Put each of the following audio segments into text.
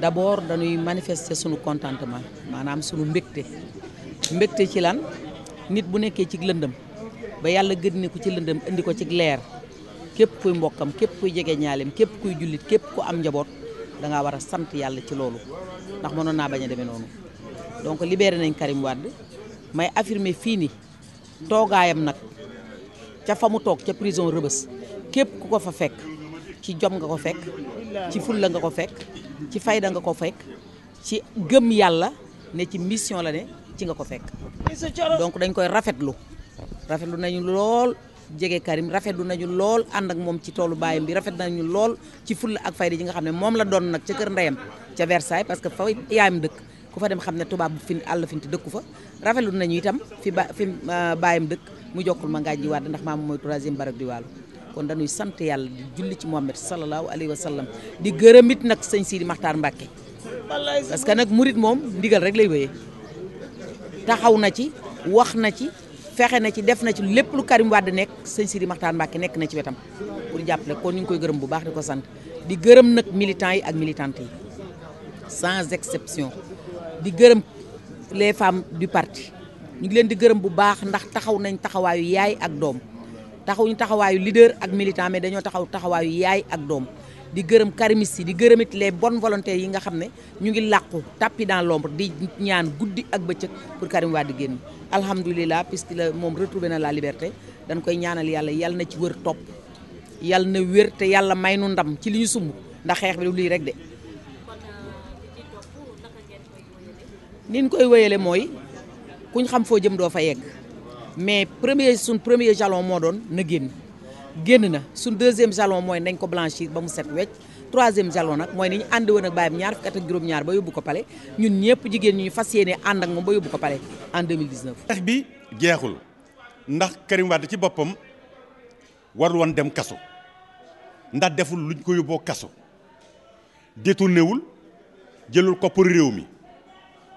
d'abord dañuy manifester sunu contentement maanaam sunu mbégte mbégte ci lan nit bu nekkee ci lëndëm ba yàlla gën ko ci lëndëm indi ko ci leer képp kuy mbokkam képp kuy jege ñaalem képp kuy jullit képp ku am njaboot da war a sant yàlla ci loolu ndax mënoon naa bañ a demee noonu donc libeere nañ Karim Wade may affirmer fii ni toogaayam nag ca fa toog ca prison rëbës képp ku ko fa fekk ci jom nga ko fekk ci fulla nga ko fekk ci fayda nga ko fekk ci gëm yàlla ne ci mission la ne ci nga ko fekk donc dañ koy rafetlu rafetlu nañu lool jege Karim rafetlu nañu lool ànd ak moom ci toolu baayam bi rafet nañu lool ci fulla ak fayda ji nga xam ne moom la doon nag ca kër ndeyam ca Versailles parce que fa yaayam dëkk ku fa dem xam ne tubaab bu fin àll finti dëkku fa rafetlu nañu itam fi ba fi euh, baayam dëkk mu jokkul ma ngaaj ji waat ndax maam mooy troisième barak di wàllu kon dañuy sant yàlla di julli ci Muhammad sallallahu alayhi wa sallam di gërëm it nag sëñ Sidi Maxtaar Mbàkke parce que nag murit moom ndigal rek lay wéyee taxaw na ci wax na ci fexe na ci def na ci lépp lu Karim Wade nekk sëñ Sidi Maxtaar Mbàkke nekk na ci wetam pour jàppale kon ñu ngi koy gërëm bu baax di ko sant di gërëm nag militants yi ak militantes yi sans exception di gërëm les femmes du parti ñu ngi leen di gërëm bu baax ndax taxaw nañ taxawaayu yaay ak doom taxawuñu taxawaayu leader ak militant mais dañoo taxaw taxawaayu yaay ak doom di gërëm karimis yi di gërëmit les bon volontés yi nga xam ne ñu ngi làqu tappi dans l'ombre di ñaan guddi ak bëccëg pour Karim di génn alhamdulilah puisque moom retrouvé na la liberté dañ koy ñaanal yàlla yàlla na ci wër topp yàlla na wér te yàlla may nu ndam ci li ñu sumb ndax xeex bi du lii rek de niñ koy wéyale mooy kuñ xam foo jëm doo fa yegg mais premier sun premier jalon mo doon na génn génn na suñ deuxième jalon moy nañ ko blanchir ba mu set wecc troisième jalon nak moy ni ñu ànd woon ak bàyyam ñaar fukki ak juróom-ñaar ba yóbbu ko palé ñun ñepp jigen ñi ñu fas yéene ak moom ba yóbbu ko palé en 2019. xeex bi jeexul ndax Karim wad ci bopam war won dem kasso ndax deful luñ ko yobbo kasso détourné wul jëlul koppar réew mi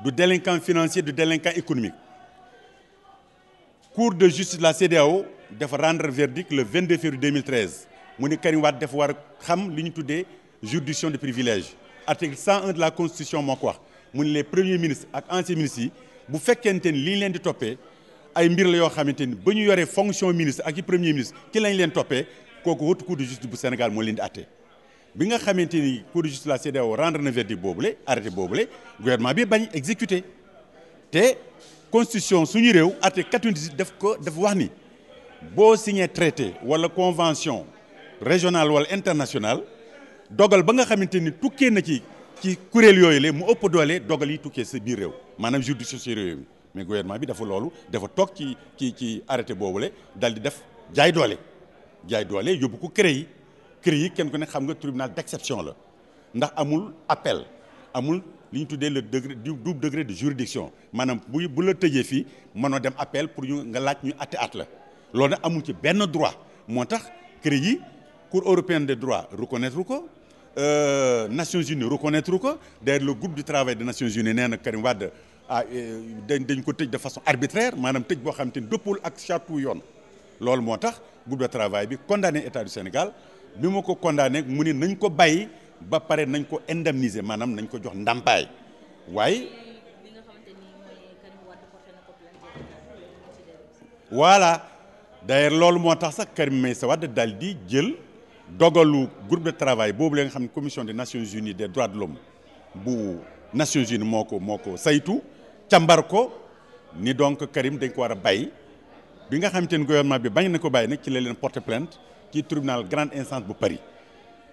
du délinquant financier du délinquant économique cour de justice de la CEDEAO rendu rendre verdict le 22 février 2013 Il Karim juridiction de privilège article 101 de la constitution je ko les premiers ministres ak anciens ministres la fonction ministre ak premier ministre ki lañ leen cour de justice du Sénégal Si leen di cour de justice la CEDEAO rendre verdict le gouvernement exécuté constitution suñu réew article 98 daf ko dafa wax ni bo signé traité wala convention régionale wala internationale dogal ba nga xamante ni tukkee na ci ci kuréel yooyu la mu ëpp doole dogal yi tukkee sa biir réew maanaam juridiction si réew mi mais gouvernement bi dafa lolu dafa tok ci ci ci arrêté boobule dal di def jaay doole jaay doole yóbbu ko CREI yi ken ko né xam nga tribunal d'exception la ndax amul appel amul liñ ñu tuddee le degré du double degré de juridiction maanaam bu bu la tëjee fii mënoo dem appel pour ñu nga laaj ñu atte at la loolu amul ci benn droit moo tax cour européenne des droits reconnaître ko euh, Nations Unies reconnaître ko d'ailleurs le groupe du travail des Nations Unies nee na Karim Wade ah euh, dañ dañ ko tëj de façon arbitraire maanaam tëj boo xam te ni dëppul ak charte yoon loolu moo tax groupe de travail bi condamné état du Sénégal bi ma ko condamné mu ne nañ ko bàyyi. ba pare nañ ko indemniser maanaam nañ ko jox ndàmpaay waaye voilà d'ailleurs loolu moo tax sax Karim may Wade daal di jël dogalu groupe de travail boobu la nga xam ne commission des Nations Unies des droits de l'homme bu Nations Unies moo ko moo ko saytu càmbar ko ni donc Karim dañ ko war a bàyyi bi nga xamante ni gouvernement bi bañ na ko bàyyi nag ci la leen porter plainte ci tribunal grande instance bu Paris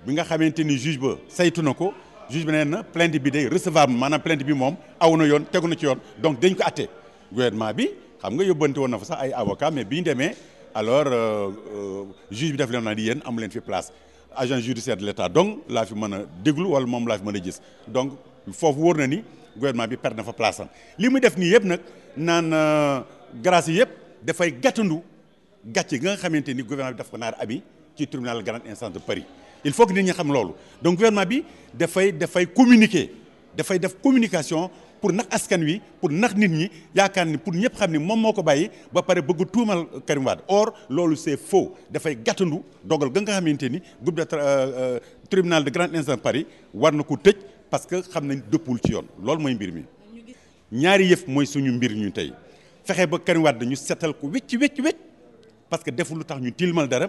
bi nga xamante ni juge ba saytu na ko juge bi nee na plainte bi day recevable maanaam plainte bi moom awuna na yoon tegu na ci yoon donc dañ ko atte gouvernement bi xam nga yóbbante woon na fa sax ay avocat mais biñ ñu demee alors euh, euh, juge bi def leen naa di yéen amu leen fi place agent judiciaire de l'État donc laa fi mën a déglu wala moom laa fi mën a gis donc foofu wóor na ni gouvernement bi perd na fa place am li muy def nii yëpp nag naan euh, grâce yi yëpp dafay gàttandu gàcce nga xamante ni gouvernement bi daf ko naar abi ci tribunal grande instance de Paris il faut que nit ñi xam loolu donc gouvernement bi dafay dafay communiquer dafay def communication pour nax askan wi pour nax nit ñi yaakaar ni pour ñëpp xam ni moom moo ko bàyyi ba pare bëgg tuumal Karim Wade or loolu c'est faux dafay gàttandu dogal ga nga xamante ni groupe de euh, euh, tribunal de grande instance Paris war na ko parce que xam nañ dëppul ci yoon loolu mooy mbir mi. ñaari yef moy suñu mbir ñu tay fexé ba Karim wad ñu sétal ko wécc wécc wécc parce que deful lu tax ñu tilmal dara.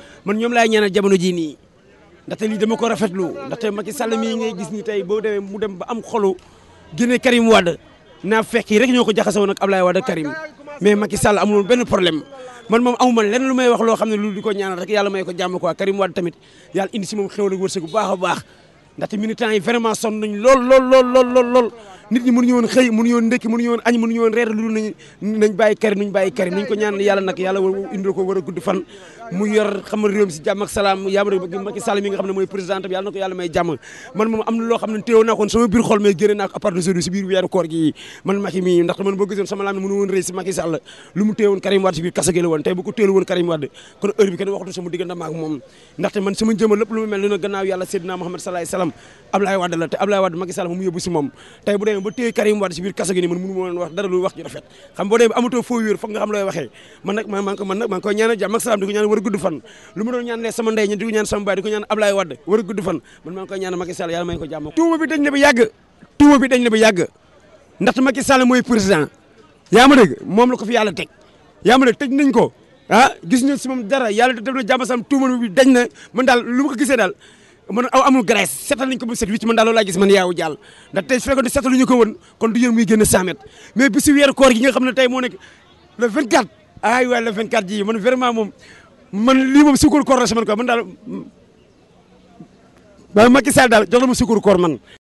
man ñoom laay ñaanal jamono jii nii ndaxte lii dama ko rafet lu ndaxte Macky Sall mii ngay gis ni tey boo demee mu dem ba am xolu génne Karim Wade naa fekk rek ñoo ko jaxasoo nag Ablaye Wade Karim mais Macky Sall amul benn problème man moom amu ma lenn lu may wax loo xam ne lu di ko ñaanal rek yàlla may ko jàmm quoi Karim Wade tamit la indi si moom xéwal ak wërsëg bu baax a baax ndaxte militants yi vraiment sonn lool lool lool lool lool nit ñi mënu ñu mënuñu woon xëy mënuñu woon ndekki ñu won añ mënu ñu won reer lu ñu nañ bayyi kër ñu bayyi kër ñu ko ñaan yalla nak yalla yàlla indi ko wara gudd fan mu yor xam reew ci jamm ak salam ya yaam rek Macky salam yi nga xamne moy president président bi yalla na ko may jamm man mom am lo xamne teew ne téew sama bir xol may gëre nak apart de jeudi ci bir weeru koor gi man Macky mi ndax man bo gisoon sama lam mënu won rëy ci Macky Sall lu mu teewon Karim wad ci bir kassa gi won tay bu ko téelu won Karim wad kon heure bi kenn waxtu sama diggante maak mom ndax man sama jëma lepp lu mu mel na gannaaw yalla Seydina Muhammad sallallahu alayhi wasallam ablay wad la te ablay wad Macky Sall mu yóbbu mom tay bu bu dem ba téye Karim Wade si biir kaso gi nii man mënu ma woon wax dara lu wax ju rafet xam boo demee ba amatoo foo wéer foog nga xam looy waxee man nag man man nag maa ngi koy ñaanal jàmm ak salaam di ko ñaan war a gudd fan lu mu doon ñaanalee sama ndey ñi di ko ñaan sama baay di ko ñaan Ablaye Wade war a gudd fan man maa ngi koy ñaanal Macky Sall yàlla may ko jàmm tuuma bi dañ ne ba yàgg tuuma bi dañ ne ba yàgg ndax Macky Sall mooy président yaa ma dégg moom la ko fi yàlla teg yaa ma dégg tëj nañ ko ah gis ñu si moom dara yàlla def na jàmm sam tuuma bi dañ na man daal lu ma ko gisee daal mën aw amul graisse setal nañ ko bu set wicc man daal loolu a gis man yaawu jàll ndax tey su fekkoon ne setaluñu ko woon kon du yéen muy génn 100 mètres mais bisu weeru koor gi nga xam ne tey moo nekk le 24 ay waay le 24 ji man vraiment moom man lii moom suukaru koor la si man quoi man daal Macky Sall daal jox la ma koor man